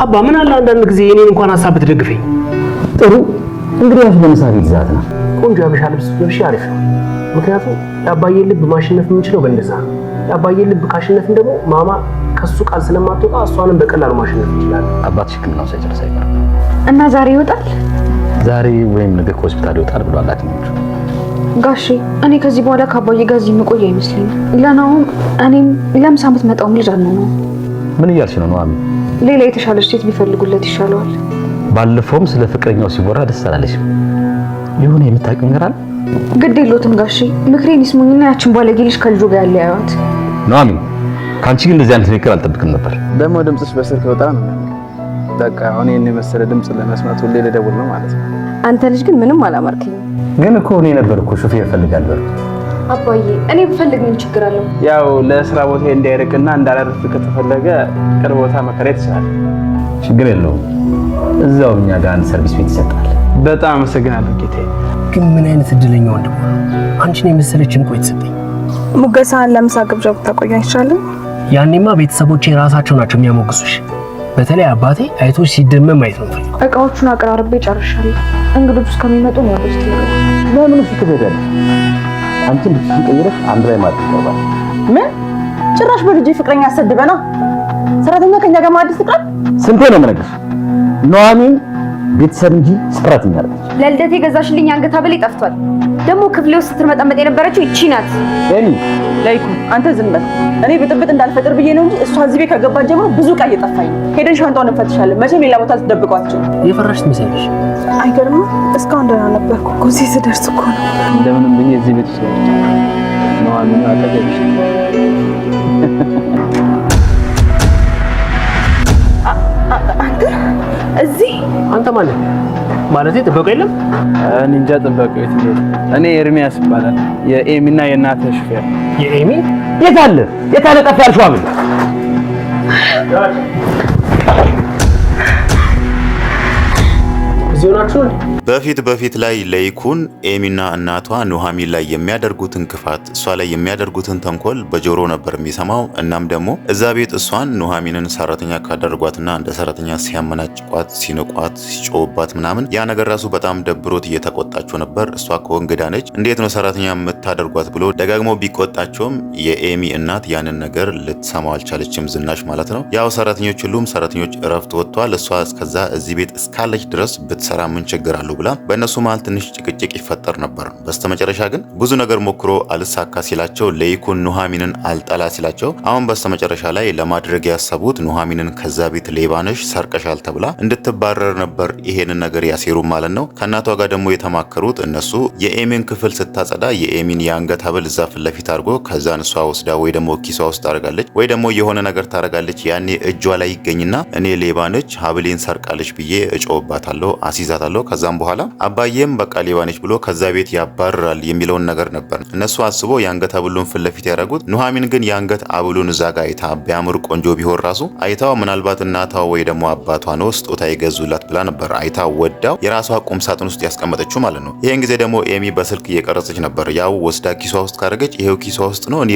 አባ ምን አለ አንዳንድ ጊዜ የኔን እንኳን ሀሳብ ብትደግፈኝ። ጥሩ እንግዲህ ያሱ ለምሳሌ ግዛት ነው። ቆንጆ ያበሻ ልብስ ለብሽ አሪፍ ነው። ምክንያቱም የአባዬን ልብ ማሸነፍ የምንችለው በእንደዛ ነው። የአባዬን ልብ ካሸነፍን ደግሞ ማማ ከሱ ቃል ስለማትወጣ እሷንም በቀላሉ ማሸነፍ እንችላለን። አባትሽ ሕክምናውን ሳይጨርስ አይቀርም እና ዛሬ ይወጣል። ዛሬ ወይም ነገ ከሆስፒታል ይወጣል ብሎ አላት ነው ጋሺ እኔ ከዚህ በኋላ ከአባዬ ጋር እዚህ መቆያ አይመስለኝም። ለናውም እኔም ለምሳ የምትመጣውም ልጅ አለ ነው። ምን እያልሽ ነው ኑሐሚን? ሌላ የተሻለች ሴት ቢፈልጉለት ይሻለዋል። ባለፈውም ስለ ፍቅረኛው ሲወራ ደስ አላለሽም። የሆነ የምታውቂው ነገር አለ? ግድ የለዎትም ጋሼ፣ ምክሬን ይስሙኝና ያችን ባለጌ ልጅ ከልጁ ጋር ያለያዩት ነው። አሚን፣ ከአንቺ ግን እንደዚህ አይነት ንግግር አልጠብቅም ነበር። ደግሞ ድምፅሽ በስልክ በጣም በቃ አሁን ይህን የመሰለ ድምፅ ለመስማት ሁሌ ልደውል ነው ማለት ነው። አንተ ልጅ ግን ምንም አላማርክኝም። ግን እኮ እኔ ነበርኩ ሹፌር እፈልጋለሁ አባዬ እኔ ብፈልግ ምን ችግር አለው? ያው ለስራ ቦታ እንዳይርቅና እንዳላረፍ ከተፈለገ ቅርብ ቦታ መከራየት ይችላል። ችግር የለውም። እዛው እኛ ጋር አንድ ሰርቪስ ቤት ይሰጣል። በጣም አመሰግናለሁ ጌቴ። ግን ምን አይነት እድለኛ ወንድም አንቺን የመሰለች እንቆ የተሰጠኝ። ሙገሳህን ለምሳ ግብዣ ብታቆይ አይቻልም? ያኔማ ቤተሰቦቼ ራሳቸው ናቸው የሚያሞግሱሽ። በተለይ አባቴ አይቶች ሲደመም ማየት ነው ፈልገው። እቃዎቹን አቀራርቤ ጨርሻለሁ። እንግዶቹ እስከሚመጡ ነው ያለው። ለምን ፊት አንቺን ልጅሽን ቀይረሽ አንድ ላይ ማድረግ ይቀርባል። ምን ጭራሽ በልጅ ፍቅረኛ ነው? ሰራተኛ ከኛ ጋር ማድረግ ፍቅር ስንቴ ነው የምነግርሽ? ኑሐሚን ቤተሰብ እንጂ ስፍራት የሚያደርግ ለልደቴ ገዛሽልኝ አንገት ሐብል ይጠፍቷል። ደግሞ ክፍሌ ውስጥ ስትርመጠመጥ የነበረችው ይቺ ናት። ዳኒ ላይኩ፣ አንተ ዝም በል። እኔ ብጥብጥ እንዳልፈጥር ብዬ ነው እንጂ እሷ እዚህ ቤት ከገባች ጀምሮ ብዙ ዕቃ እየጠፋኝ ነው። ሄደን ሻንጣውን እንፈትሻለን። መቼም ሌላ ቦታ ልትደብቋቸው የፈራሽ ትመስያለሽ። አይገርምም? እስካሁን ደህና ነበርኩ እኮ እዚህ ስደርስ እኮ ነው እንደምንም ብዬ እዚህ ቤት ውስጥ ነዋሚና አጠገብሽ አንተ እዚህ አንተ ማለት ማለት ጥበቃ የለም? እንጃ ጥበቃ የት ነው? እኔ ኤርሚያስ ይባላል። የኤሚና የእናትህ ሹፌር። የኤሚ የት አለ? የት አለ? ጠፋ ያልሽው አብኝ በፊት በፊት ላይ ለይኩን ኤሚና እናቷ ኑሐሚን ላይ የሚያደርጉትን ክፋት እሷ ላይ የሚያደርጉትን ተንኮል በጆሮ ነበር የሚሰማው። እናም ደግሞ እዛ ቤት እሷን ኑሐሚንን ሰራተኛ ካደረጓትና እንደ ሰራተኛ ሲያመናጭቋት፣ ሲንቋት፣ ሲጮውባት ምናምን ያ ነገር ራሱ በጣም ደብሮት እየተቆጣቸው ነበር። እሷ እኮ እንግዳ ነች፣ እንዴት ነው ሰራተኛ የምታደርጓት ብሎ ደጋግሞ ቢቆጣቸውም የኤሚ እናት ያንን ነገር ልትሰማው አልቻለችም። ዝናሽ ማለት ነው። ያው ሰራተኞች ሁሉም ሰራተኞች እረፍት ወጥቷል። እሷ እስከዛ እዚህ ቤት እስካለች ድረስ ብትሰ ብንሰራ ምን ችግር አለው ብላ በእነሱ መሀል ትንሽ ጭቅጭቅ ይፈጠር ነበር። በስተመጨረሻ ግን ብዙ ነገር ሞክሮ አልሳካ ሲላቸው ለይኩን ኑሐሚንን አልጠላ ሲላቸው አሁን በስተመጨረሻ ላይ ለማድረግ ያሰቡት ኑሐሚንን ከዛ ቤት ሌባነሽ ሰርቀሻል ተብላ እንድትባረር ነበር። ይሄንን ነገር ያሴሩ ማለት ነው። ከእናቷ ጋር ደግሞ የተማከሩት እነሱ የኤሚን ክፍል ስታጸዳ የኤሚን የአንገት ሀብል እዛ ፊት ለፊት አድርጎ ከዛን እሷ ወስዳ ወይ ደግሞ ኪሷ ውስጥ ታደርጋለች ወይ ደግሞ የሆነ ነገር ታደርጋለች። ያኔ እጇ ላይ ይገኝና እኔ ሌባነች ሀብሌን ሰርቃለች ብዬ እጮባታለሁ አሲ አስይዛታለሁ። ከዛም በኋላ አባዬም በቃ ሌባነች ብሎ ከዛ ቤት ያባርራል የሚለውን ነገር ነበር እነሱ አስበው የአንገት አብሉን ፊት ለፊት ያደረጉት። ኑሐሚን ግን የአንገት አብሉን እዛ ጋ አይታ ቢያምር ቆንጆ ቢሆን ራሱ አይታዋ ምናልባት እናቷ ወይ ደግሞ አባቷ ነው ስጦታ ይገዙላት ብላ ነበር አይታ ወዳው የራሷ ቁም ሳጥን ውስጥ ያስቀመጠችው ማለት ነው። ይህን ጊዜ ደግሞ ኤሚ በስልክ እየቀረጸች ነበር። ያው ወስዳ ኪሷ ውስጥ ካደረገች ይሄው ኪሷ ውስጥ ነው እኔ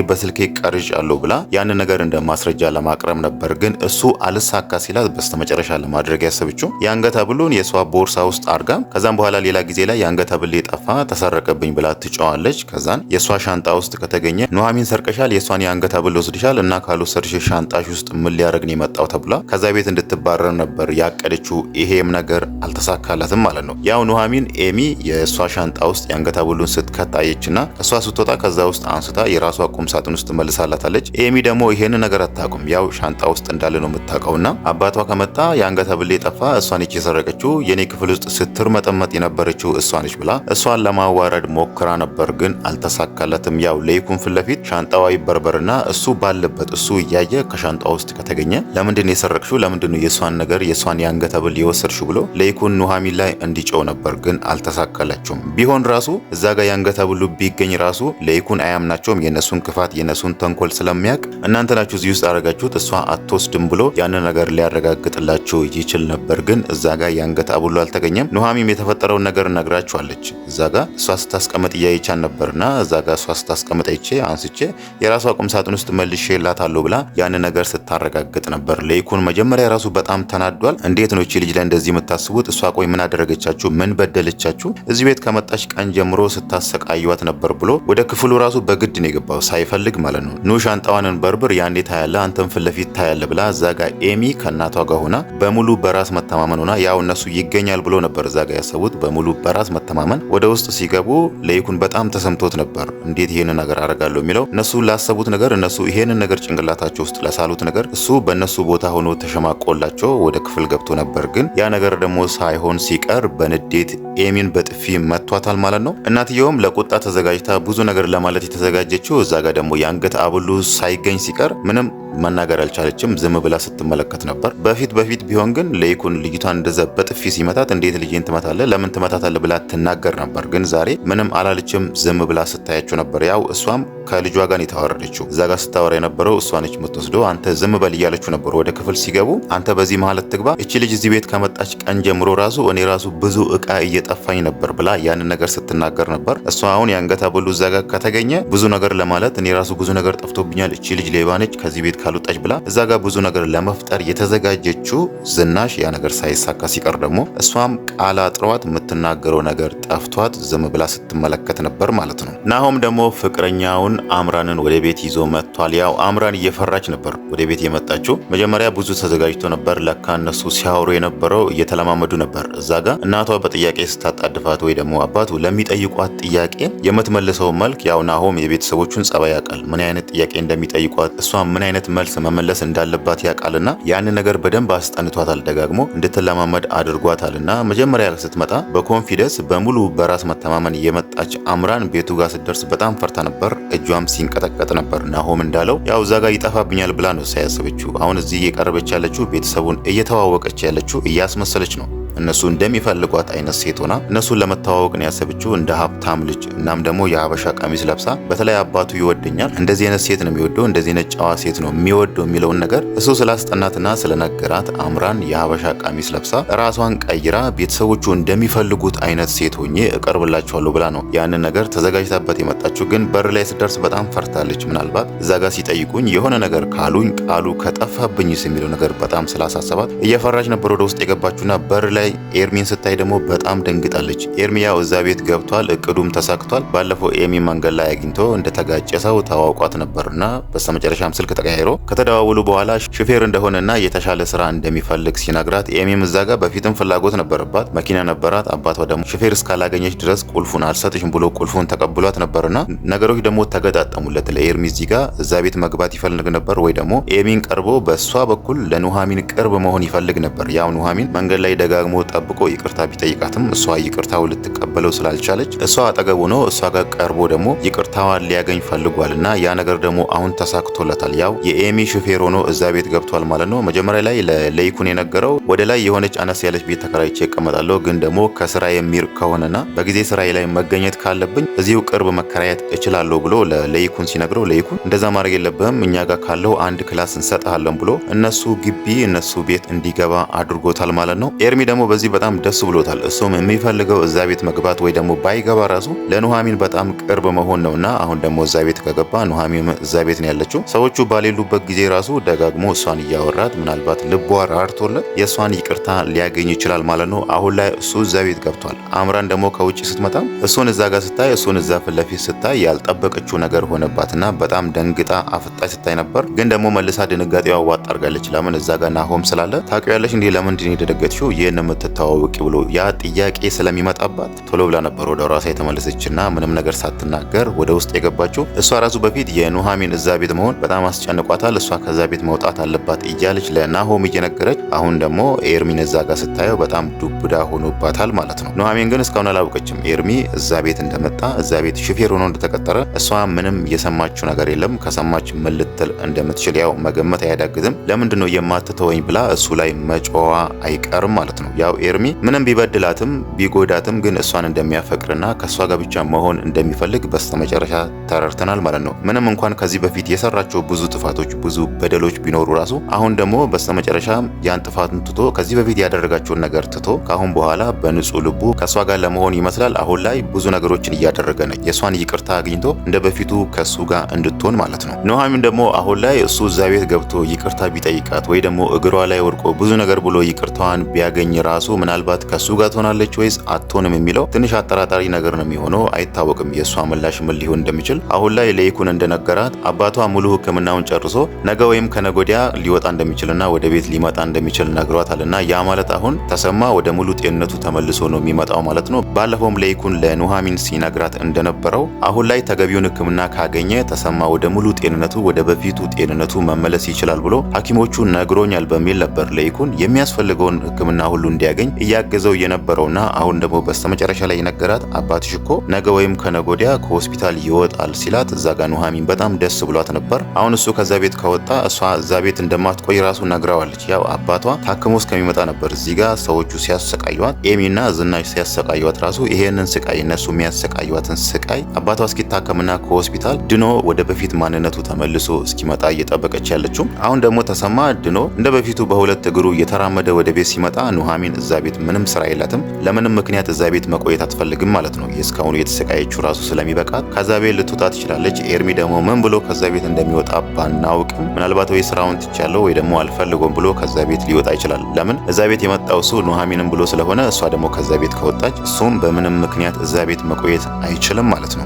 ቀርጭ አለው ብላ ያንን ነገር እንደ ማስረጃ ለማቅረብ ነበር። ግን እሱ አልሳካ ሲላት በስተመጨረሻ ለማድረግ ያሰብችው የአንገት አብሉን የሷ ቦርስ ቦርሳ ውስጥ አርጋ ከዛም በኋላ ሌላ ጊዜ ላይ የአንገት ብል የጠፋ ተሰረቀብኝ ብላ ትጫዋለች። ከዛን የእሷ ሻንጣ ውስጥ ከተገኘ ኑሐሚን ሰርቀሻል፣ የእሷን የአንገት ሀብል ወስድሻል እና ሰርሽ ሻንጣሽ ውስጥ ምን ሊያደርግ ነው የመጣው ተብላ ከዛ ቤት እንድትባረር ነበር ያቀደችው። ይሄም ነገር አልተሳካላትም ማለት ነው። ያው ኑሐሚን ኤሚ የእሷ ሻንጣ ውስጥ የአንገት ሀብሉን ስትከት አየችና እሷ ስትወጣ ከዛ ውስጥ አንስታ የራሷ ቁም ሳጥን ውስጥ መልሳላታለች። ኤሚ ደግሞ ይሄን ነገር አታቁም ያው ሻንጣ ውስጥ እንዳለ ነው የምታውቀውና አባቷ ከመጣ የአንገት ሀብሌ ጠፋ፣ እሷን ይች የሰረቀችው የኔ ክፍል ክፍል ውስጥ ስትርመጠመጥ የነበረችው እሷ ነች ብላ እሷን ለማዋረድ ሞክራ ነበር፣ ግን አልተሳካለትም። ያው ለይኩን ፊት ለፊት ሻንጣዋ ይበርበርና እሱ ባለበት እሱ እያየ ከሻንጣ ውስጥ ከተገኘ ለምንድን የሰረቅሽው? ለምንድን የእሷን ነገር የእሷን የአንገተ ብል የወሰድሽው? ብሎ ለይኩን ኑሐሚን ላይ እንዲጮው ነበር፣ ግን አልተሳካላቸውም። ቢሆን ራሱ እዛ ጋር የአንገት ቢገኝ ራሱ ለይኩን አያምናቸውም። የነሱን ክፋት የነሱን ተንኮል ስለሚያውቅ እናንተ ናችሁ እዚህ ውስጥ አረጋችሁት እሷ አትወስድም ብሎ ያንን ነገር ሊያረጋግጥላችሁ ይችል ነበር፣ ግን እዛ ጋር የአንገት ሐብሉ አልተገኘም ኑሐሚም የተፈጠረውን ነገር ነግራችኋለች። እዛ ጋ እሷ ስታስቀምጥ እያየቻን ነበርና እዛ ጋ እሷ ስታስቀመጥ አይቼ አንስቼ የራሷ ቁም ሳጥን ውስጥ መልሼ ላታለሁ ብላ ያን ነገር ስታረጋግጥ ነበር። ለይኩን መጀመሪያ ራሱ በጣም ተናዷል። እንዴት ነው እቺ ልጅ ላይ እንደዚህ የምታስቡት? እሷ ቆይ ምን አደረገቻችሁ? ምን በደለቻችሁ? እዚህ ቤት ከመጣች ቀን ጀምሮ ስታሰቃይዋት ነበር ብሎ ወደ ክፍሉ ራሱ በግድ ነው የገባው ሳይፈልግ ማለት ነው። ኑ ሻንጣዋንን በርብር ያንዴ ታያለ፣ አንተን ፊት ለፊት ታያለ ብላ እዛ ጋ ኤሚ ከእናቷ ጋር ሆና በሙሉ በራስ መተማመን ሆና ያው እነሱ ይገኛል ይሆነኛል ብሎ ነበር እዛ ጋ ያሰቡት በሙሉ በራስ መተማመን ወደ ውስጥ ሲገቡ ለይኩን በጣም ተሰምቶት ነበር። እንዴት ይህንን ነገር አደርጋለሁ የሚለው እነሱ ላሰቡት ነገር እነሱ ይሄንን ነገር ጭንቅላታቸው ውስጥ ለሳሉት ነገር እሱ በእነሱ ቦታ ሆኖ ተሸማቆላቸው ወደ ክፍል ገብቶ ነበር። ግን ያ ነገር ደግሞ ሳይሆን ሲቀር በንዴት ኤሚን በጥፊ መቷታል ማለት ነው። እናትየውም ለቁጣ ተዘጋጅታ ብዙ ነገር ለማለት የተዘጋጀችው እዛ ጋ ደግሞ የአንገት አብሉ ሳይገኝ ሲቀር ምንም መናገር አልቻለችም። ዝም ብላ ስትመለከት ነበር። በፊት በፊት ቢሆን ግን ለይኩን ልጅቷን እንደዛ በጥፊ ሲመታ ስትላት እንዴት ልጄን ትመታለህ? ለምን ትመታታለህ? ብላ ትናገር ነበር። ግን ዛሬ ምንም አላለችም። ዝም ብላ ስታያቸው ነበር። ያው እሷም ከልጇ ጋር የተዋረደችው እዛ ጋር ስታወራ የነበረው እሷ ነች የምትወስደው። አንተ ዝም በል እያለችው ነበር። ወደ ክፍል ሲገቡ አንተ በዚህ መሀል ትግባ፣ እቺ ልጅ እዚህ ቤት ከመጣች ቀን ጀምሮ ራሱ እኔ ራሱ ብዙ እቃ እየጠፋኝ ነበር ብላ ያንን ነገር ስትናገር ነበር። እሷ አሁን የአንገት ብሉ እዛ ጋር ከተገኘ ብዙ ነገር ለማለት እኔ ራሱ ብዙ ነገር ጠፍቶብኛል፣ እቺ ልጅ ሌባ ነች፣ ከዚህ ቤት ካልወጣች ብላ እዛ ጋር ብዙ ነገር ለመፍጠር የተዘጋጀችው ዝናሽ ያ ነገር ሳይሳካ ሲቀር ደግሞ እሷ እሷም ቃል አጥሯት የምትናገረው ነገር ጠፍቷት ዝም ብላ ስትመለከት ነበር ማለት ነው። ናሆም ደግሞ ፍቅረኛውን አምራንን ወደ ቤት ይዞ መጥቷል። ያው አምራን እየፈራች ነበር ወደ ቤት የመጣችው። መጀመሪያ ብዙ ተዘጋጅቶ ነበር። ለካ እነሱ ሲያወሩ የነበረው እየተለማመዱ ነበር። እዛ ጋ እናቷ በጥያቄ ስታጣድፋት ወይ ደግሞ አባቱ ለሚጠይቋት ጥያቄ የምትመልሰው መልክ ያው ናሆም የቤተሰቦቹን ጸባይ ያውቃል። ምን አይነት ጥያቄ እንደሚጠይቋት እሷ ምን አይነት መልስ መመለስ እንዳለባት ያውቃልና ያንን ነገር በደንብ አስጠንቷታል። ደጋግሞ እንድትለማመድ አድርጓታል። እና መጀመሪያ ስትመጣ በኮንፊደንስ በሙሉ በራስ መተማመን የመጣች አምራን ቤቱ ጋር ስትደርስ በጣም ፈርታ ነበር። እጇም ሲንቀጠቀጥ ነበር። ናሆም እንዳለው ያው እዛ ጋር ይጠፋብኛል ብላ ነው ሳያሰበችው። አሁን እዚህ እየቀረበች ያለችው ቤተሰቡን እየተዋወቀች ያለችው እያስመሰለች ነው። እነሱ እንደሚፈልጓት አይነት ሴት ሆና እነሱን ለመተዋወቅ ነው ያሰበችው፣ እንደ ሀብታም ልጅ። እናም ደግሞ የሀበሻ ቀሚስ ለብሳ በተለይ አባቱ ይወደኛል፣ እንደዚህ አይነት ሴት ነው የሚወደው፣ እንደዚህ አይነት ጨዋ ሴት ነው የሚወደው የሚለውን ነገር እሱ ስላስጠናትና ስለነገራት አምራን የሀበሻ ቀሚስ ለብሳ ራሷን ቀይራ ቤተሰቦቹ እንደሚፈልጉት አይነት ሴት ሆኜ እቀርብላችኋለሁ ብላ ነው ያንን ነገር ተዘጋጅታበት የመጣችው። ግን በር ላይ ስደርስ በጣም ፈርታለች። ምናልባት እዛ ጋር ሲጠይቁኝ የሆነ ነገር ካሉኝ ቃሉ ከጠፋብኝስ የሚለው ነገር በጣም ስላሳሰባት እየፈራች ነበር ወደ ውስጥ የገባችሁና በር ላይ ስታይ ኤርሚን ስታይ ደግሞ በጣም ደንግጣለች። ኤርሚ ያው እዛ ቤት ገብቷል፣ እቅዱም ተሳክቷል። ባለፈው ኤሚ መንገድ ላይ አግኝቶ እንደተጋጨ ሰው ተዋውቋት ነበርና በስተመጨረሻም ስልክ ተቀያይሮ ከተደዋወሉ በኋላ ሹፌር እንደሆነና የተሻለ ስራ እንደሚፈልግ ሲነግራት ኤሚም እዛ ጋር በፊትም ፍላጎት ነበረባት፣ መኪና ነበራት። አባቷ ደግሞ ሹፌር እስካላገኘች ድረስ ቁልፉን አልሰጥሽም ብሎ ቁልፉን ተቀብሏት ነበርና ነገሮች ደግሞ ተገጣጠሙለት። ለኤርሚ እዚህ ጋር እዛ ቤት መግባት ይፈልግ ነበር ወይ ደግሞ ኤሚን ቀርቦ በእሷ በኩል ለኑሃሚን ቅርብ መሆን ይፈልግ ነበር። ያው ኑሃሚን መንገድ ላይ ደጋግሞ ደግሞ ጠብቆ ይቅርታ ቢጠይቃትም እሷ ይቅርታው ልትቀበለው ስላልቻለች እሷ አጠገብ ሆኖ እሷ ጋር ቀርቦ ደግሞ ይቅርታዋን ሊያገኝ ፈልጓል እና ያ ነገር ደግሞ አሁን ተሳክቶለታል። ያው የኤሚ ሹፌር ሆኖ እዛ ቤት ገብቷል ማለት ነው። መጀመሪያ ላይ ለለይኩን የነገረው ወደ ላይ የሆነች አነስ ያለች ቤት ተከራይቼ እቀመጣለሁ፣ ግን ደግሞ ከስራ የሚርቅ ከሆነና በጊዜ ስራ ላይ መገኘት ካለብኝ እዚሁ ቅርብ መከራየት እችላለሁ ብሎ ለለይኩን ሲነግረው ለይኩን እንደዛ ማድረግ የለብህም እኛ ጋር ካለው አንድ ክላስ እንሰጥሃለን ብሎ እነሱ ግቢ እነሱ ቤት እንዲገባ አድርጎታል ማለት ነው። ኤርሚ ደግሞ በዚህ በጣም ደስ ብሎታል። እሱም የሚፈልገው እዛ ቤት መግባት ወይ ደግሞ ባይገባ ራሱ ለኑሐሚን በጣም ቅርብ መሆን ነውና አሁን ደግሞ እዛ ቤት ከገባ ኑሐሚን እዛ ቤት ነው ያለችው። ሰዎቹ ባሌሉበት ጊዜ ራሱ ደጋግሞ እሷን እያወራት ምናልባት ልቧ ራርቶለት የእሷን ይቅርታ ሊያገኝ ይችላል ማለት ነው። አሁን ላይ እሱ እዛ ቤት ገብቷል። አምራን ደግሞ ከውጭ ስትመጣም እሱን እዛ ጋር ስታይ እሱን እዛ ፊት ለፊት ስታይ ያልጠበቀችው ነገር ሆነባትና በጣም ደንግጣ አፍጣይ ስታይ ነበር። ግን ደግሞ መልሳ ድንጋጤዋ ዋጥ አርጋለች። ለምን እዛ ጋር ናሆም ስላለ ታውቂያለሽ እንዲህ ለምንድን የደነገጥሽው ይህን የምትተዋወቂ ብሎ ያ ጥያቄ ስለሚመጣባት ቶሎ ብላ ነበር ወደ ራሷ የተመለሰችና ምንም ነገር ሳትናገር ወደ ውስጥ የገባችው። እሷ ራሱ በፊት የኑሐሚን እዛ ቤት መሆን በጣም አስጨንቋታል። እሷ ከዛ ቤት መውጣት አለባት እያለች ለናሆም እየነገረች፣ አሁን ደግሞ ኤርሚን እዛ ጋር ስታየው በጣም ዱብዳ ሆኖባታል ማለት ነው። ኑሐሚን ግን እስካሁን አላወቀችም። ኤርሚ እዛ ቤት እንደመጣ እዛ ቤት ሹፌር ሆኖ እንደተቀጠረ እሷ ምንም የሰማችው ነገር የለም። ከሰማች ምን ልትል እንደምትችል ያው መገመት አያዳግትም። ለምንድን ነው የማትተወኝ ብላ እሱ ላይ መጮዋ አይቀርም ማለት ነው። ያው ኤርሚ ምንም ቢበድላትም ቢጎዳትም ግን እሷን እንደሚያፈቅርና ከእሷ ጋር ብቻ መሆን እንደሚፈልግ በስተመጨረሻ ተረድተናል ማለት ነው። ምንም እንኳን ከዚህ በፊት የሰራቸው ብዙ ጥፋቶች፣ ብዙ በደሎች ቢኖሩ ራሱ አሁን ደግሞ በስተመጨረሻ ያን ጥፋቱን ትቶ ከዚህ በፊት ያደረጋቸውን ነገር ትቶ ከአሁን በኋላ በንጹህ ልቡ ከእሷ ጋር ለመሆን ይመስላል አሁን ላይ ብዙ ነገሮችን እያደረገ ነው። የእሷን ይቅርታ አግኝቶ እንደ በፊቱ ከእሱ ጋር እንድትሆን ማለት ነው። ኑሐሚን ደግሞ አሁን ላይ እሱ እዛ ቤት ገብቶ ይቅርታ ቢጠይቃት ወይ ደግሞ እግሯ ላይ ወድቆ ብዙ ነገር ብሎ ይቅርታዋን ቢያገኝ ራሱ ምናልባት ከሱ ጋር ትሆናለች ወይስ አትሆንም የሚለው ትንሽ አጠራጣሪ ነገር ነው የሚሆነው። አይታወቅም የእሷ ምላሽ ምን ሊሆን እንደሚችል። አሁን ላይ ለይኩን እንደነገራት አባቷ ሙሉ ሕክምናውን ጨርሶ ነገ ወይም ከነጎዲያ ሊወጣ እንደሚችልና ወደ ቤት ሊመጣ እንደሚችል ነግሯታል። እና ያ ማለት አሁን ተሰማ ወደ ሙሉ ጤንነቱ ተመልሶ ነው የሚመጣው ማለት ነው። ባለፈውም ለይኩን ለኑሃሚን ሲነግራት እንደነበረው አሁን ላይ ተገቢውን ሕክምና ካገኘ ተሰማ ወደ ሙሉ ጤንነቱ ወደ በፊቱ ጤንነቱ መመለስ ይችላል ብሎ ሐኪሞቹ ነግሮኛል በሚል ነበር ለይኩን የሚያስፈልገውን ሕክምና ሁሉ እንዲያገኝ እያገዘው የነበረውና አሁን ደግሞ በስተመጨረሻ ላይ የነገራት አባትሽ እኮ ነገ ወይም ከነጎዲያ ከሆስፒታል ይወጣል ሲላት እዛ ጋ ኑሐሚን በጣም ደስ ብሏት ነበር። አሁን እሱ ከዛ ቤት ከወጣ እሷ እዛ ቤት እንደማትቆይ ራሱ ነግረዋለች። ያው አባቷ ታክሞ እስከሚመጣ ነበር እዚህ ጋ ሰዎቹ ሲያሰቃዩዋት፣ ኤሚና ዝናሽ ሲያሰቃዩዋት ራሱ ይሄንን ስቃይ እነሱ የሚያሰቃዩዋትን ስቃይ ስትሰቃይ አባቷ እስኪታከምና ከሆስፒታል ድኖ ወደ በፊት ማንነቱ ተመልሶ እስኪመጣ እየጠበቀች ያለችው። አሁን ደግሞ ተሰማ ድኖ እንደ በፊቱ በሁለት እግሩ እየተራመደ ወደ ቤት ሲመጣ ኑሐሚን እዛ ቤት ምንም ስራ የላትም፣ ለምንም ምክንያት እዛ ቤት መቆየት አትፈልግም ማለት ነው። የእስካሁኑ የተሰቃየችው ራሱ ስለሚበቃት ከዛ ቤት ልትወጣ ትችላለች። ኤርሚ ደግሞ ምን ብሎ ከዛ ቤት እንደሚወጣ ባናውቅም ምናልባት ወይ ስራውን ትቻለው ወይ ደግሞ አልፈልጎም ብሎ ከዛ ቤት ሊወጣ ይችላል። ለምን እዛ ቤት የመጣው እሱ ኑሐሚንም ብሎ ስለሆነ እሷ ደግሞ ከዛ ቤት ከወጣች እሱም በምንም ምክንያት እዛ ቤት መቆየት አይችልም። ማለት ነው።